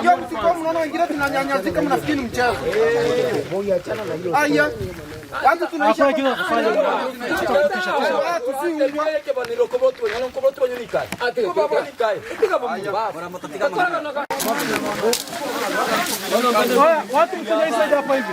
Unajua msikoa mnaona wengine tunanyanyazika mnafikiri mchezo. Aya. Kwanza tunaisha watu mtunaisaidia hapa hivi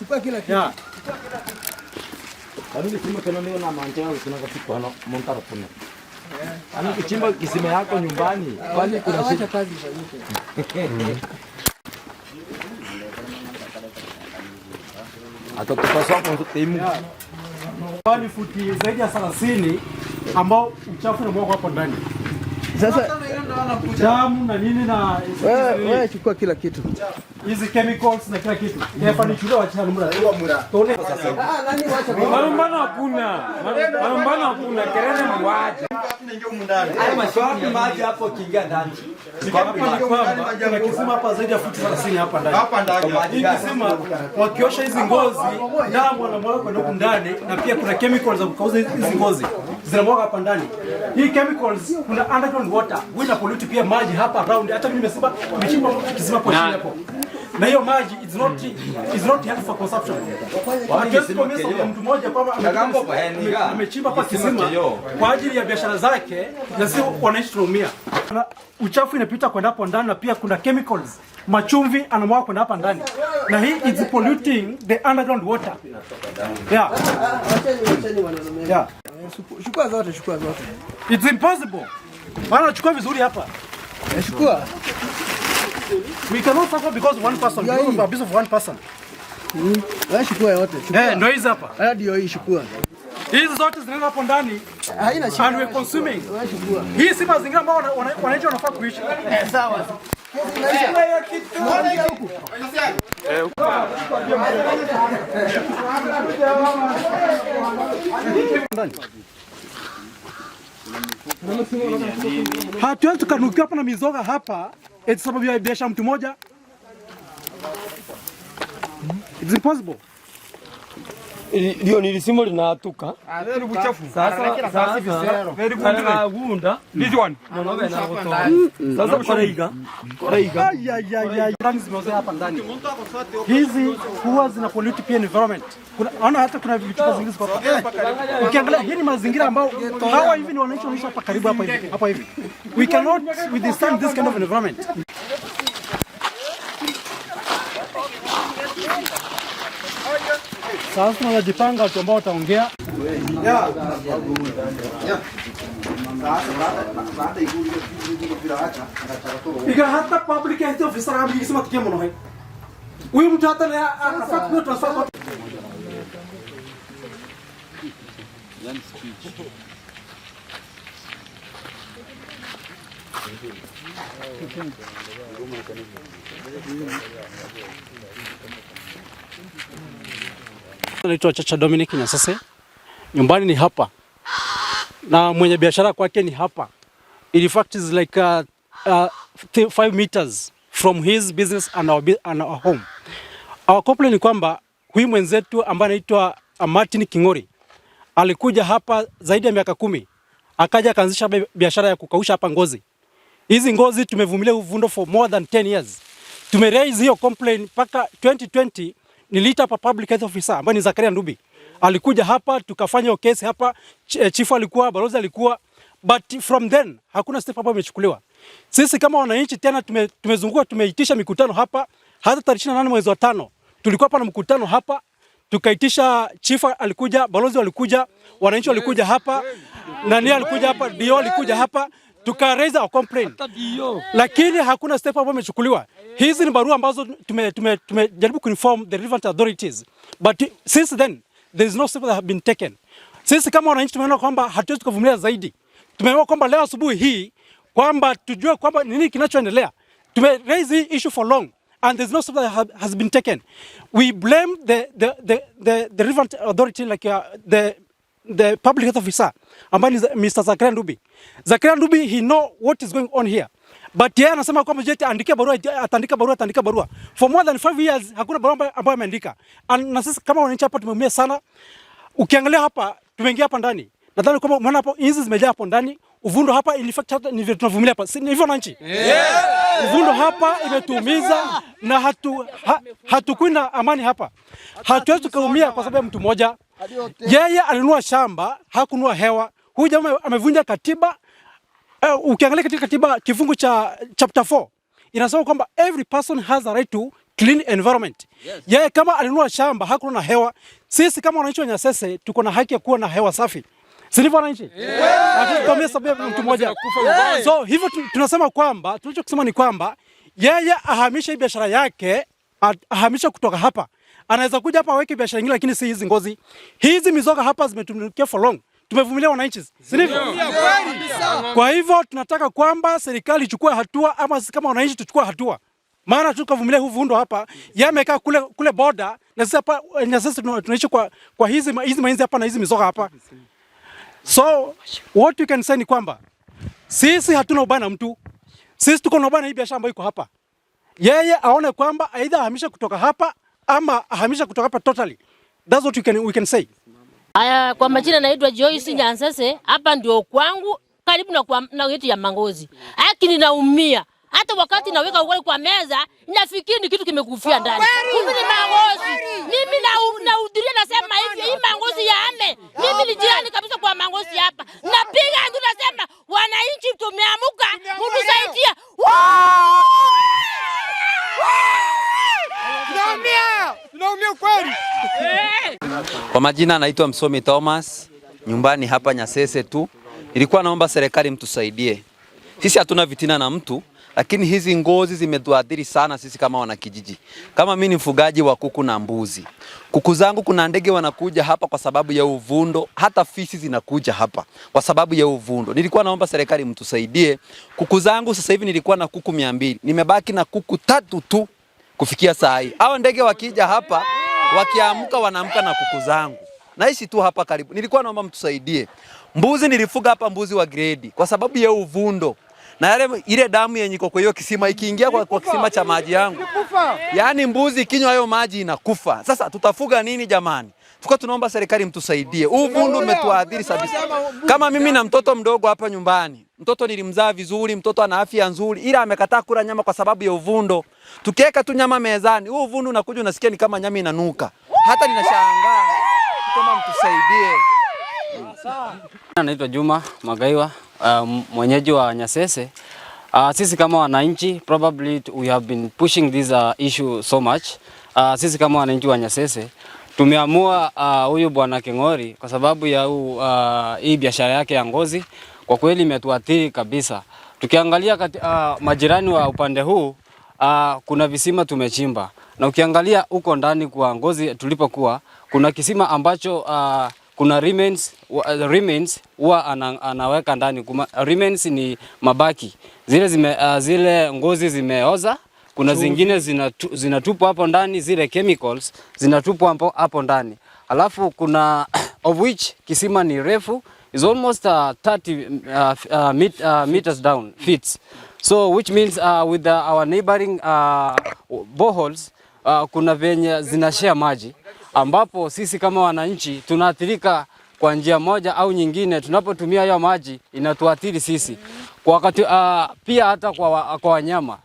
Chukua kila kitu. Kani kisima kana niyo na manje yao kuna kitu hana montara kuna. Ana kichimba kisima yako nyumbani. Kwani kuna shida kazi ifanyike. Atakupaswa kwa kutimu. Kwani futi zaidi ya 30 ambao uchafu ni mwako hapo ndani. Sasa damu na nini na wewe chukua kila kitu, hizi chemicals na kila kitu. Ah, malumbano hakuna, malumbano hakuna kelele, mwache hayo maswali, maji hapo kiingia ndani kuna hapa zaidi ya futi 30 hapa ndani. Hapa ndani. Kisima wakiosha hizi ngozi damu wanamwaga kwenda huko ndani, na pia kuna chemicals za kukauza hizi ngozi zinamwaga hapa ndani. Hii chemicals kuna underground water, wina pollute pia maji hapa around. Hata mimi nimesimba nimechimba kisima hapo na hiyo maji it's not it's not here for consumption. Hatuwezi kuongeza kwa mtu mmoja kwamba amechimba kwa kisima kwa ajili ya biashara zake, na si wananchi tunaumia. Uchafu inapita kwenda hapo ndani, na pia kuna chemicals machumvi anamwaga kwenda hapa ndani, na hii is polluting the underground water. Yeah, yeah, zote, shukua zote, it's impossible. Bana, chukua vizuri hapa, chukua We cannot suffer because one person, because of abuse of one person. Shukua hmm. yote. Eh, ndio hizi hapa. Haya ndio hii shukua. Hizi zote zinaenda hapo ndani. Haina shida. And we consuming. Hii si mazingira ambayo wananchi wanafaa kuishi. Eh, sawa. Hatuwezi tukanukia hapa na mizoga hapa eti sababu ya biashara mtu mmoja? It's impossible. Lio nilisimu linatuka. Ah, sasa sasa hapa ndani. Hizi huwa zina pollute pia environment. Kuna naona hata kuna vitu zingine ziko hapa. Ukiangalia hii ni mazingira ambao hawa hivi ni wanaishi hapa karibu Hapa hivi. We cannot withstand this kind of environment. Sasa tunajipanga watu ambao wataongea iga hata public health officer ambi kisema tukie mno hai Uyu mtu hata na hata kwa transfer kwa yan speech Thank you. Naitwa Chacha Dominic Nyasase, nyumbani ni hapa na mwenye biashara kwake ni hapa. In fact is like uh, uh, five meters from his business and our, and our home. Our complaint ni kwamba huyu mwenzetu ambaye anaitwa uh, Martin Kingori alikuja hapa zaidi ya miaka kumi akaja akaanzisha biashara ya kukausha hapa ngozi. Hizi ngozi tumevumilia uvundo for more than 10 years. Tumeraise hiyo complaint mpaka 2020 niliita hapa public health officer ambaye ni Zakaria Ndubi, alikuja hapa tukafanya kesi hapa, eh, chifu alikuwa, balozi alikuwa, but from then hakuna step ambayo imechukuliwa. Sisi kama wananchi tena tume, tumezunguka tumeitisha mikutano hapa, hata tarehe 28 mwezi wa tano tulikuwa hapa na mkutano hapa tukaitisha, chifu alikuja, balozi walikuja, wananchi walikuja hapa, nani alikuja hapa, dio alikuja hapa tukareza raise a lakini hakuna step ambayo imechukuliwa. Hizi ni barua ambazo tumejaribu tume, tume kuinform the relevant authorities but since then there is no step that have been taken. Sisi kama wananchi tumeona kwamba hatuwezi kuvumilia zaidi. Tumeona kwamba leo asubuhi hii kwamba tujue kwamba nini kinachoendelea. Tume raise the issue for long and there's no step that has been taken. We blame the the the the, the relevant authority like uh, the the public health officer ambaye ni Mr. Zakaria Ndubi. Zakaria Ndubi he know what is going on here. But yeye anasema kwamba je, ataandika barua, ataandika barua, ataandika barua. For more than 5 years hakuna barua ambayo ameandika. Na sisi kama wananchi hapa tumeumia sana. Ukiangalia hapa tumeingia hapa ndani. Nadhani kwamba umeona hapo hizi zimejaa hapo ndani. Uvundo hapa in fact hata ni tunavumilia hapa. Si hivyo wananchi? Yeah. Uvundo hapa imetuumiza na hatu ha, hatukwenda amani hapa. Hatuwezi tukaumia kwa sababu ya mtu mmoja. Yeye alinunua shamba, hakunua hewa. Huyu jamaa amevunja katiba. Uh, ukiangalia katika katiba kifungu cha chapter 4 inasema kwamba every person has a right to clean environment. Yes. Yeye kama alinunua shamba na hewa, sisi kama wananchi wa Nyasese tuko na haki ya kuwa na hewa safi. Si ndivyo wananchi? Mtu mmoja. So hivyo tunasema kwamba tunachokisema ni kwamba yeye ahamishe biashara yake, ahamishe kutoka hapa anaweza kuja hapa aweke biashara nyingine, lakini si hizi ngozi. Hizi mizoga hapa zimetumikia for long, tumevumilia wananchi, si ndivyo? Kwa hivyo tunataka kwamba serikali ichukue hatua, ama sisi kama wananchi tuchukue hatua, maana tukavumilia huu vundo hapa, yamekaa kule kule boda na sisi hapa, na sisi tunaishi kwa kwa hizi hizi mainzi hapa na hizi mizoga hapa. So what you can say ni kwamba sisi hatuna ubaya na mtu, sisi tuko na ubaya na hii biashara ambayo iko hapa. Yeye aone kwamba aidha ahamishe kutoka hapa ama ahamisha kutoka hapa totally. That's what we can, we can say. Aya, kwa majina naitwa Joyce Nyansese, hapa ndio kwangu karibu na kwa na yetu ya Mangozi. Haki ninaumia. Hata wakati naweka ugali kwa meza, nafikiri ni kitu kimekufia ndani. Mimi ni Mangozi. Mimi na nahudhuria nasema hivi, hii Mangozi ya ame. Mimi ni jirani kabisa kwa Mangozi hapa. Napiga ndio nasema wananchi tumeamuka, mtusaidie tunaumia, tunaumia kweli. Kwa majina anaitwa Msomi Thomas, nyumbani hapa Nyasese tu. Nilikuwa naomba serikali mtusaidie, sisi hatuna vitina na mtu lakini hizi ngozi zimetuathiri sana sisi kama wanakijiji. Kama mimi ni mfugaji wa kuku na mbuzi, kuku zangu kuna ndege wanakuja hapa kwa sababu ya uvundo, hata fisi zinakuja hapa kwa sababu ya uvundo. Nilikuwa naomba serikali mtusaidie. Kuku zangu sasa hivi nilikuwa na kuku mia mbili, nimebaki na kuku tatu tu kufikia saa hii. Hawa ndege wakija hapa, wakiamka wanaamka na kuku zangu. Naishi tu hapa karibu. Nilikuwa naomba mtusaidie. Mbuzi nilifuga hapa mbuzi wa gredi kwa sababu ya uvundo. Na yale ile damu yenye iko kwa hiyo kisima ikiingia kwa, kwa kisima cha maji yangu. Yaani mbuzi ikinywa hayo maji inakufa. Sasa tutafuga nini jamani? Tuko tunaomba serikali mtusaidie. Huu vundu umetuadhiri kabisa. Kama mimi na mtoto mdogo hapa nyumbani. Mtoto nilimzaa vizuri, mtoto ana afya nzuri, ila amekataa kula nyama kwa sababu ya uvundo. Tukiweka tu nyama mezani, huu vundu unakuja unasikia ni kama nyama inanuka. Hata ninashangaa. Tuomba mtusaidie. Sawa. Naitwa Juma Magaiwa, uh, mwenyeji wa Nyasese. Uh, sisi kama wananchi probably we have been pushing this uh, issue so much. Uh, sisi kama wananchi wa Nyasese Tumeamua uh, huyu uh, bwana King'ori kwa sababu ya uh, hii biashara yake ya ngozi kwa kweli imetuathiri kabisa. Tukiangalia kati, uh, majirani wa upande huu uh, kuna visima tumechimba na ukiangalia huko ndani kwa ngozi tulipokuwa kuna kisima ambacho uh, kuna remains remains huwa ana, anaweka ndani. Remains ni mabaki zile, zime, uh, zile ngozi zimeoza kuna zingine zinatu, zinatupwa hapo ndani, zile chemicals zinatupwa hapo ndani, alafu kuna of which kisima ni refu is almost uh, 30 uh, uh, meet, uh, meters down feet so which means uh, with the, uh, our neighboring uh, boreholes uh, kuna venye zinashare maji ambapo sisi kama wananchi tunaathirika kwa njia moja au nyingine. Tunapotumia hiyo maji inatuathiri sisi kwa wakati uh, pia hata kwa, kwa wanyama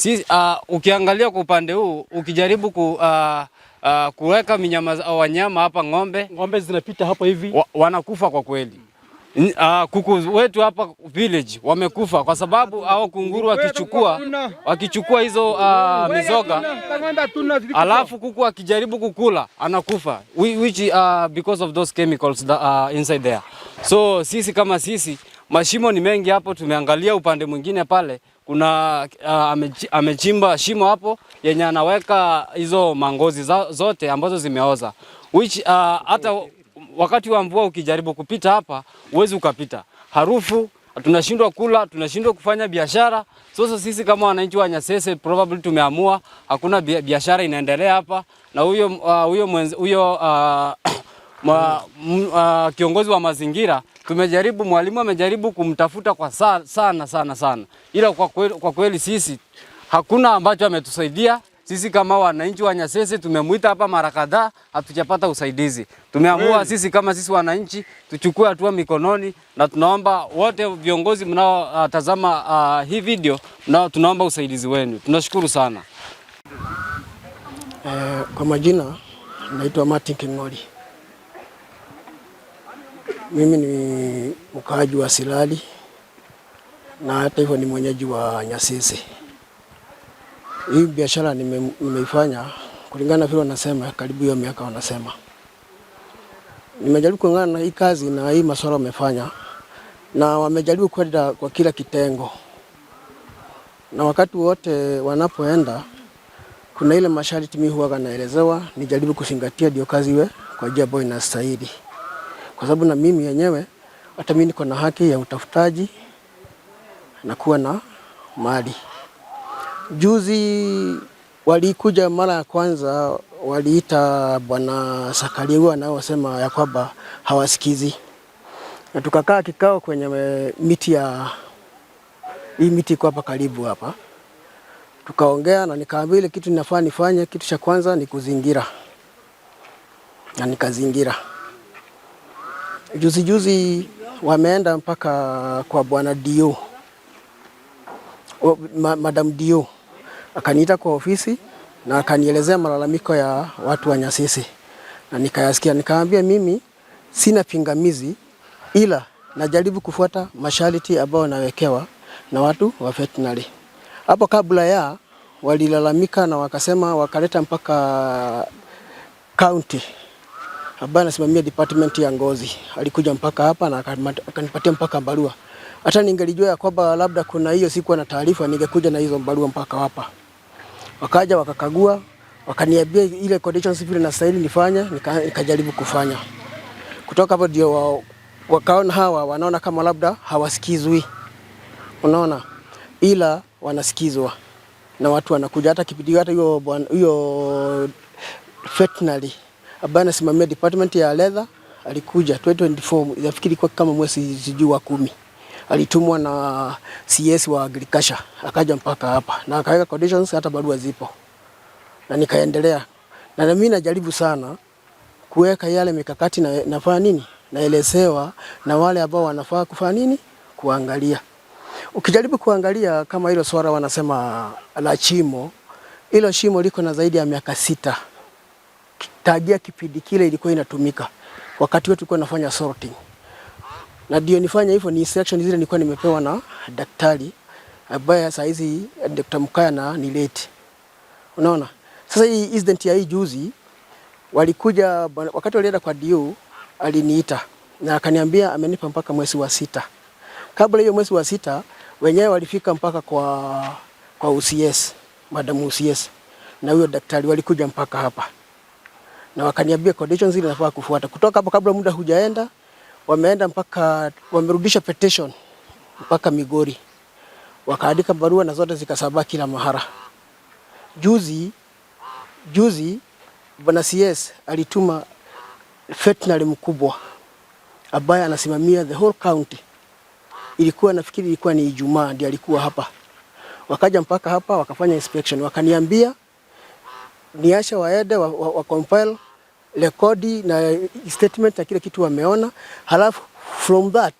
si, uh, ukiangalia kwa upande huu ukijaribu ku, uh, uh, kuweka minyama wanyama hapa ng'ombe ng'ombe zinapita hapa hivi wa, wanakufa kwa kweli. Uh, kuku wetu hapa village wamekufa kwa sababu hao kunguru wakichukua wakichukua hizo uh, mizoga, alafu kuku akijaribu kukula anakufa which uh, because of those chemicals that, uh, inside there. So sisi kama sisi, mashimo ni mengi hapo, tumeangalia upande mwingine pale kuna uh, ah, amechimba shimo hapo yenye anaweka hizo mangozi za, zote ambazo zimeoza which uh, hata wakati wa mvua ukijaribu kupita hapa huwezi ukapita. Harufu, tunashindwa kula, tunashindwa kufanya biashara. Sasa sisi kama wananchi wa Nyasese probably tumeamua hakuna biashara inaendelea hapa, na huyo ah, huyo uh, huyo Ma, m, uh, kiongozi wa mazingira tumejaribu, mwalimu amejaribu kumtafuta kwa sa, sana sana sana, ila kwa kweli, kwa kweli sisi hakuna ambacho ametusaidia sisi kama wananchi wa Nyasese. Tumemwita hapa mara kadhaa, hatujapata usaidizi. Tumeamua sisi kama sisi wananchi tuchukue hatua mikononi, na tunaomba wote viongozi mnaotazama uh, uh, hii video mnao, tunaomba usaidizi wenu, tunashukuru sana. Eh, kwa majina naitwa Martin King'oli. Mimi ni mkaaji wa Silali na hata hivyo ni mwenyeji wa Nyasisi. Hii biashara nime, nimeifanya kulingana vile wanasema karibu hiyo miaka wanasema. Nimejaribu kulingana na hii kazi na hii masuala wamefanya na wamejaribu kwenda kwa kila kitengo, na wakati wote wanapoenda kuna ile masharti mimi huwa naelezewa nijaribu kuzingatia, ndio kazi iwe kwa njia ambayo inastahili kwa sababu na mimi yenyewe hata mimi niko na haki ya utafutaji na kuwa na mali. Juzi walikuja mara ya kwanza, waliita bwana Sakaria na wasema ya kwamba hawasikizi, na tukakaa kikao kwenye miti ya hii miti iko hapa karibu hapa, tukaongea na nikaambia ile kitu ninafaa nifanye. Kitu cha kwanza ni kuzingira, na nikazingira Juzi juzi wameenda mpaka kwa bwana Dio, madam Dio akaniita kwa ofisi na akanielezea malalamiko ya watu wa Nyasisi na nikayasikia, nikaambia mimi sina pingamizi, ila najaribu kufuata masharti ambayo nawekewa na watu wa veterinary. Hapo kabla ya walilalamika na wakasema, wakaleta mpaka county ambaye anasimamia department ya ngozi alikuja mpaka hapa na akanipatia mpaka barua. Hata ningelijua ya kwamba labda kuna hiyo sikuwa na taarifa, ningekuja na hizo barua mpaka hapa. Wakaja wakakagua, wakaniambia ile conditions vile na sahihi nifanye, nikajaribu nika kufanya. Kutoka hapo ndio wa, wakaona hawa wanaona kama labda hawasikizwi, unaona, ila wanasikizwa na watu wanakuja. Hata kipindi hata hiyo hiyo fetnali ambaye anasimamia department ya leather alikuja 2024 nafikiri kwa kama mwezi sijui wa kumi alitumwa na CS wa agriculture akaja mpaka hapa na akaweka conditions, hata barua zipo na nikaendelea na mimi najaribu sana kuweka yale mikakati na, nafanya nini naelezewa na wale ambao wanafaa kufanya nini kuangalia. Ukijaribu kuangalia kama hilo swala wanasema la chimo, hilo shimo liko na zaidi ya miaka sita. Tangia kipindi kile ilikuwa inatumika. Wakati wetu tulikuwa nafanya sorting. Na ndio nifanya hivyo ni section zile nilikuwa nimepewa na daktari ambaye saa hizi Dr. Mkana ni late. Unaona? Sasa hii incident ya hii juzi walikuja wakati walienda kwa DU aliniita na akaniambia amenipa mpaka mwezi wa sita. Kabla hiyo mwezi wa sita wenyewe walifika mpaka kwa kwa UCS, madam UCS na huyo daktari walikuja mpaka hapa na wakaniambia conditions zile nafaa kufuata. Kutoka hapo, kabla muda hujaenda, wameenda mpaka wamerudisha petition mpaka Migori, wakaandika barua na zote zikasaba kila mahara. Juzi juzi bwana CS alituma veterinary mkubwa ambaye anasimamia the whole county. Ilikuwa nafikiri ilikuwa ni Ijumaa ndio alikuwa hapa, wakaja mpaka hapa wakafanya inspection, wakaniambia niasha waende wa, wa, wa compile rekodi na statement ya kile kitu wameona, halafu from that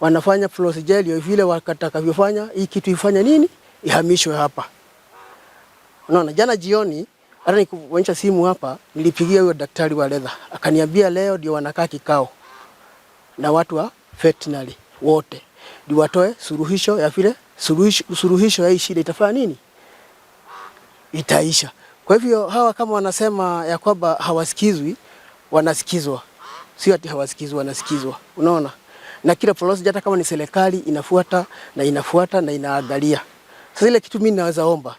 wanafanya procedure hiyo vile wakatakavyofanya hii kitu ifanya nini, ihamishwe hapa. Unaona, jana jioni hata nikuonyesha simu hapa, nilipigia huyo daktari wa leather akaniambia leo ndio wanakaa kikao na watu wa veterinary wote ndio watoe suluhisho ya vile suluhisho, suluhisho ya hii shida itafanya nini, itaisha. Kwa hivyo hawa kama wanasema ya kwamba hawasikizwi, wanasikizwa, sio ati hawasikizwi, wanasikizwa. Unaona, na kila polisi hata kama ni serikali inafuata na inafuata na inaangalia. Sasa ile kitu mimi naweza omba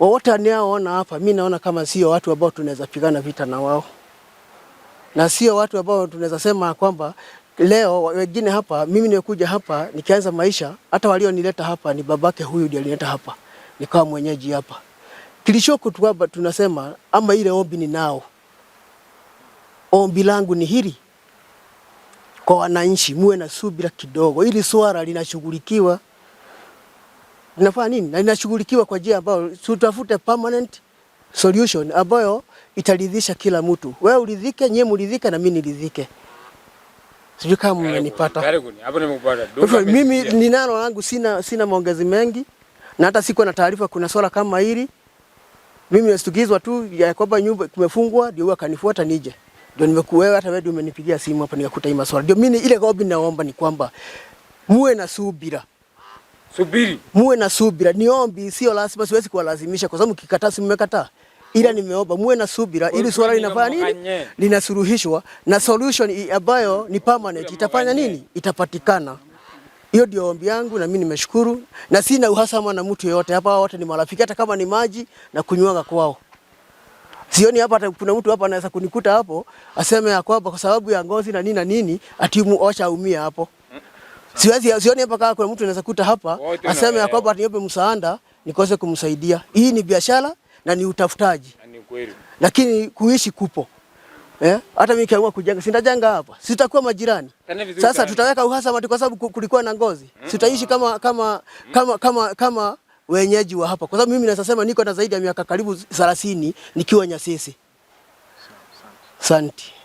wote ninaoona hapa, mimi naona kama sio watu ambao tunaweza pigana vita na wao, na sio watu ambao tunaweza sema kwamba leo wengine hapa, mimi nimekuja hapa nikianza maisha, hata walionileta hapa ni babake huyu ndiye alileta hapa, nikawa mwenyeji hapa. Kilichoko tu hapa tunasema ama ile ombi ni nao, ombi langu ni hili kwa wananchi, muwe na subira kidogo, ili swala linashughulikiwa. Linafanya nini na linashughulikiwa kwa njia ambayo tutafute permanent solution ambayo itaridhisha kila mtu. Wewe uridhike, nyie muridhike na mimi niridhike. Sijui kama mmenipata. Mimi ninalo langu, sina, sina maongezi mengi na hata siko na taarifa kuna swala kama hili. Mimi nimestukizwa tu ya kwamba nyumba kumefungwa ndio kanifuata nije. Ndio nimekuwa hata wewe ndio umenipigia simu hapa nikakuta hii maswali. Ndio mimi ile gobi naomba ni kwamba muwe na subira. Subiri. Muwe na subira. Niombi sio lazima, siwezi kuwalazimisha kwa sababu kikataa si mmekataa. Ila nimeomba muwe na subira ili swala linafanya nini? Linasuluhishwa na solution ambayo ni permanent itafanya nini? Itapatikana. Hiyo ndio ombi yangu, na mimi nimeshukuru, na sina uhasama na mtu yeyote hapa, wote ni marafiki, hata kama ni maji na kunywaga kwao. Sioni hapa hata kuna mtu hapa anaweza kunikuta hapo aseme ya kwamba kwa sababu ya ngozi na nini na nini atimu osha umia hapo. Siwezi, sioni hapa kama kuna mtu anaweza kuta hapa aseme ya kwamba niombe msaada nikose kumsaidia. Hii ni biashara na ni utafutaji. Na ni kweli. Lakini kuishi kupo. Eh? Hata mimi kiamua kujenga, sitajenga hapa. Sitakuwa majirani. Sasa tutaweka uhasama kwa sababu kulikuwa na ngozi. Mm. Sitaishi kama kama mm. kama kama kama wenyeji wa hapa. Kwa sababu mimi nasema niko na zaidi ya miaka karibu 30 nikiwa Nyasisi. Asante.